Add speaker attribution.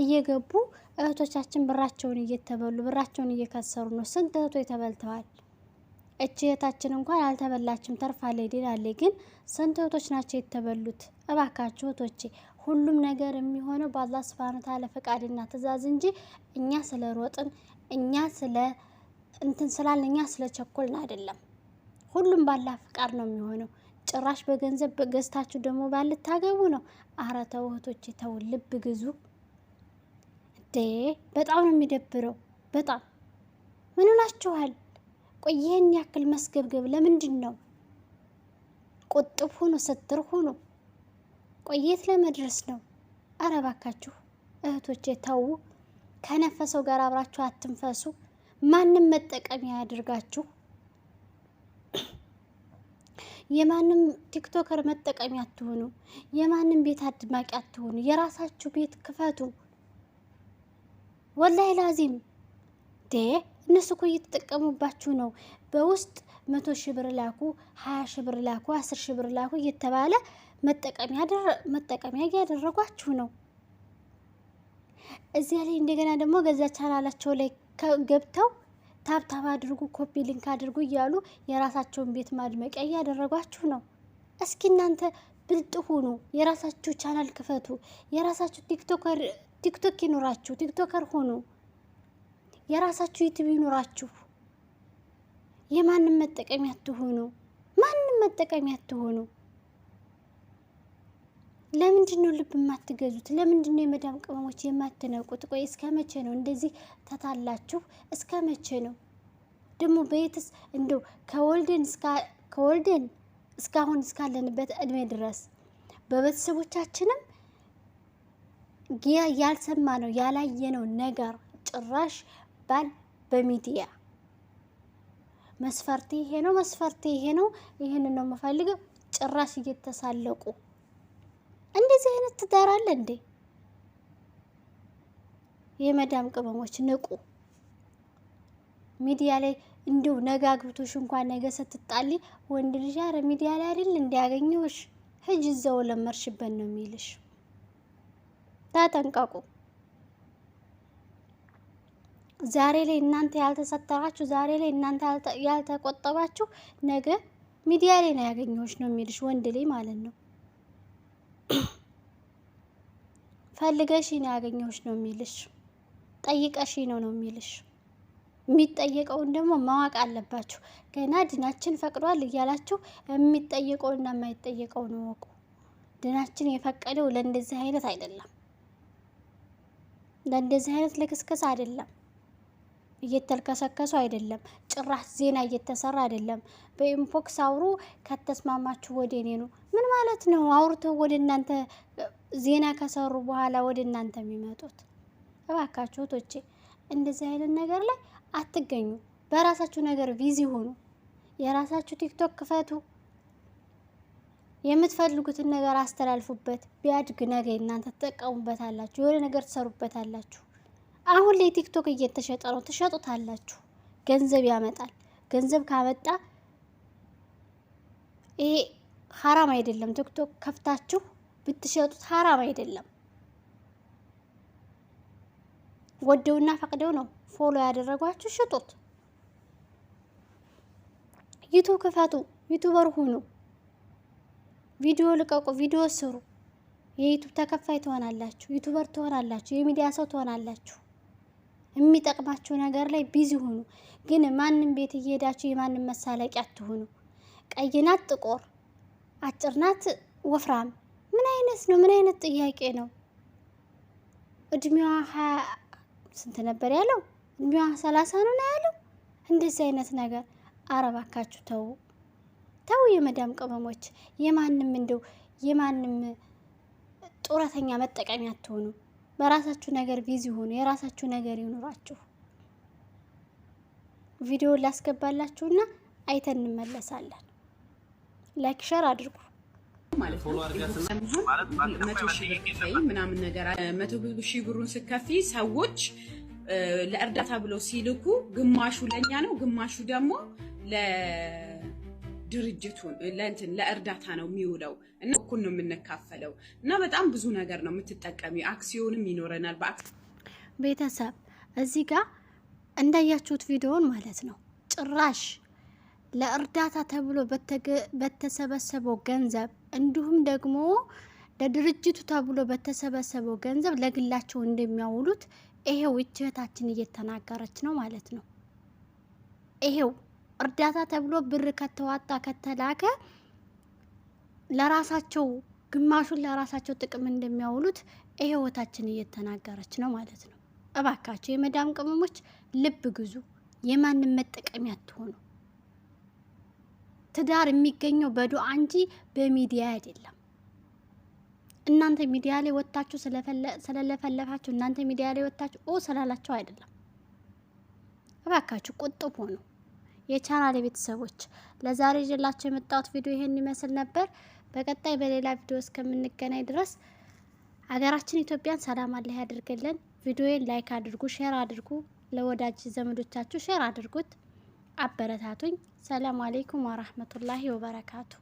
Speaker 1: እየገቡ እህቶቻችን ብራቸውን እየተበሉ ብራቸውን እየከሰሩ ነው። ስንት እህቶች ተበልተዋል። እች እህታችን እንኳን አልተበላችም ተርፋ ላይ ሌላለ። ግን ስንት እህቶች ናቸው የተበሉት? እባካችሁ እህቶቼ፣ ሁሉም ነገር የሚሆነው በአላህ ስብሃነ ተዓላ ፈቃድና ትእዛዝ እንጂ እኛ ስለ ሮጥን እኛ ስለ እንትን ስላል እኛ ስለ ቸኮልን አይደለም። ሁሉም ባላ ፈቃድ ነው የሚሆነው። ጭራሽ በገንዘብ ገዝታችሁ ደግሞ ባልታገቡ ነው። አረ ተው እህቶቼ ተው፣ ልብ ግዙ። ዴ በጣም ነው የሚደብረው። በጣም ምን ሆናችኋል? ቆይ ይህን ያክል መስገብገብ ለምንድን ነው? ቁጥብ ሆኖ ስትር ሆኖ ቆየት ለመድረስ ነው። አረ እህቶች እህቶቼ ተዉ። ከነፈሰው ጋር አብራችሁ አትንፈሱ። ማንም መጠቀሚያ ያድርጋችሁ። የማንም ቲክቶከር መጠቀሚያ አትሆኑ። የማንም ቤት አድማቂ አትሆኑ። የራሳችሁ ቤት ክፈቱ። ወላይ ላዚም ዴ እነሱ እኮ እየተጠቀሙባችሁ ነው። በውስጥ መቶ ሺህ ብር ላኩ፣ ሀያ ሺህ ብር ላኩ፣ አስር ሺ ብር ላኩ እየተባለ መጠቀሚያ እያደረጓችሁ ነው። እዚያ ላይ እንደገና ደግሞ ገዛ ቻናላቸው ላይ ገብተው ታብታብ አድርጉ፣ ኮፒ ሊንክ አድርጉ እያሉ የራሳቸውን ቤት ማድመቂያ እያደረጓችሁ ነው። እስኪ እናንተ ብልጥ ሁኑ፣ የራሳችሁ ቻናል ክፈቱ፣ የራሳችሁ ቲክቶከር ቲክቶክ ይኖራችሁ፣ ቲክቶከር ሆኑ። የራሳችሁ ዩቲዩብ ይኖራችሁ። የማንም መጠቀሚያ አትሆኑ። ማንም መጠቀሚያ አትሆኑ። ለምንድን ነው ልብ የማትገዙት? ለምንድን ነው የመዳም ቅመሞች የማትነቁት? ቆይ እስከ መቼ ነው እንደዚህ ተታላችሁ? እስከ መቼ ነው ደግሞ በየትስ እንደው ከወልደን ከወልደን እስካሁን እስካለንበት እድሜ ድረስ በቤተሰቦቻችንም ያልሰማ ነው ያላየነው ነገር ጭራሽ ባል በሚዲያ መስፈርቴ ይሄ ነው፣ መስፈርቴ ይሄ ነው፣ ይህንን ነው የምፈልገው። ጭራሽ እየተሳለቁ እንደዚህ አይነት ትዳር አለ እንዴ? የመዳም ቅመሞች ንቁ። ሚዲያ ላይ እንዲሁ ነገ አግብቶሽ እንኳን ነገ ስትጣሊ ወንድ ልጅ አረ ሚዲያ ላይ አይደል እንዲያገኘውሽ ህጅ እዛው ለመርሽበት ነው የሚልሽ። ተጠንቀቁ። ዛሬ ላይ እናንተ ያልተሰተራችሁ፣ ዛሬ ላይ እናንተ ያልተቆጠባችሁ ነገ ሚዲያ ላይ ነው ያገኘሁሽ ነው የሚልሽ ወንድ ላይ ማለት ነው። ፈልገሽ ነው ያገኘሁሽ ነው የሚልሽ፣ ጠይቀሽ ነው ነው የሚልሽ። የሚጠየቀውን ደግሞ ማወቅ አለባችሁ። ገና ድናችን ፈቅዷል እያላችሁ የሚጠየቀውና የማይጠየቀውን እወቁ። ድናችን የፈቀደው ለእንደዚህ አይነት አይደለም። ለእንደዚህ አይነት ልክስክስ አይደለም፣ እየተልከሰከሱ አይደለም፣ ጭራሽ ዜና እየተሰራ አይደለም። በኢምፖክስ አውሩ ከተስማማችሁ ወደ እኔ ነው። ምን ማለት ነው? አውርተው ወደ እናንተ ዜና ከሰሩ በኋላ ወደ እናንተ የሚመጡት እባካችሁ ቶቼ እንደዚህ አይነት ነገር ላይ አትገኙ። በራሳችሁ ነገር ቢዚ ሆኑ። የራሳችሁ ቲክቶክ ክፈቱ። የምትፈልጉትን ነገር አስተላልፉበት። ቢያድግ ነገ እናንተ ትጠቀሙበታላችሁ፣ የሆነ ነገር ትሰሩበታላችሁ። አሁን ላይ ቲክቶክ እየተሸጠ ነው፣ ትሸጡታላችሁ። ገንዘብ ያመጣል። ገንዘብ ካመጣ ይሄ ሀራም አይደለም። ቲክቶክ ከፍታችሁ ብትሸጡት ሀራም አይደለም። ወደውና ፈቅደው ነው ፎሎ ያደረጓችሁ፣ ሽጡት። ዩቱብ ክፈቱ፣ ዩቱበር ሁኑ። ቪዲዮ ልቀቁ፣ ቪዲዮ ስሩ። የዩቱብ ተከፋይ ትሆናላችሁ፣ ዩቱበር ትሆናላችሁ፣ የሚዲያ ሰው ትሆናላችሁ። የሚጠቅማችሁ ነገር ላይ ቢዚ ሁኑ። ግን ማንም ቤት እየሄዳችሁ የማንም መሳለቂያ አትሁኑ። ቀይ ናት፣ ጥቁር፣ አጭር ናት፣ ወፍራም ምን አይነት ነው? ምን አይነት ጥያቄ ነው? እድሜዋ ሀያ ስንት ነበር ያለው? እድሜዋ ሰላሳ ነው ነው ያለው። እንደዚህ አይነት ነገር አረባካችሁ ተው። ተው የመዳም ቅመሞች፣ የማንም እንደው የማንም ጡረተኛ መጠቀሚያ አትሆኑ። በራሳችሁ ነገር ቢዚ ሆኑ። የራሳችሁ ነገር ይኑራችሁ። ቪዲዮ ላስገባላችሁና አይተን እንመለሳለን። ላይክ ሸር አድርጉ
Speaker 2: ማለት ምናምን ነገር መቶ ሺህ ብሩን ስከፊ ሰዎች ለእርዳታ ብለው ሲልኩ ግማሹ ለእኛ ነው፣ ግማሹ ደግሞ ድርጅቱን ለእንትን ለእርዳታ ነው የሚውለው እና እኩል ነው የምንካፈለው እና በጣም ብዙ ነገር ነው የምትጠቀሚ። አክሲዮንም ይኖረናል።
Speaker 1: ቤተሰብ እዚህ ጋር እንዳያችሁት ቪዲዮን ማለት ነው ጭራሽ ለእርዳታ ተብሎ በተሰበሰበው ገንዘብ እንዲሁም ደግሞ ለድርጅቱ ተብሎ በተሰበሰበው ገንዘብ ለግላቸው እንደሚያውሉት ይሄው እህታችን እየተናገረች ነው ማለት ነው ይሄው እርዳታ ተብሎ ብር ከተዋጣ ከተላከ ለራሳቸው ግማሹን ለራሳቸው ጥቅም እንደሚያውሉት ህይወታችን እየተናገረች ነው ማለት ነው። እባካቸው የመዳም ቅመሞች ልብ ግዙ፣ የማንም መጠቀሚያ አትሆኑ። ትዳር የሚገኘው በዱዓ እንጂ በሚዲያ አይደለም። እናንተ ሚዲያ ላይ ወጥታችሁ ስለለፈለፋችሁ እናንተ ሚዲያ ላይ ወጥታችሁ ኦ ስላላችሁ አይደለም። እባካችሁ ቁጥብ ሆነው የቻናል ቤተሰቦች ለዛሬ ይዤላችሁ የመጣሁት ቪዲዮ ይሄን ይመስል ነበር። በቀጣይ በሌላ ቪዲዮ እስከምንገናኝ ድረስ ሀገራችን ኢትዮጵያን ሰላም አላህ ያድርግልን። ቪዲዮን ላይክ አድርጉ፣ ሼር አድርጉ፣ ለወዳጅ ዘመዶቻችሁ ሼር አድርጉት። አበረታቱኝ። ሰላም አሌይኩም ወራህመቱላሂ ወበረካቱ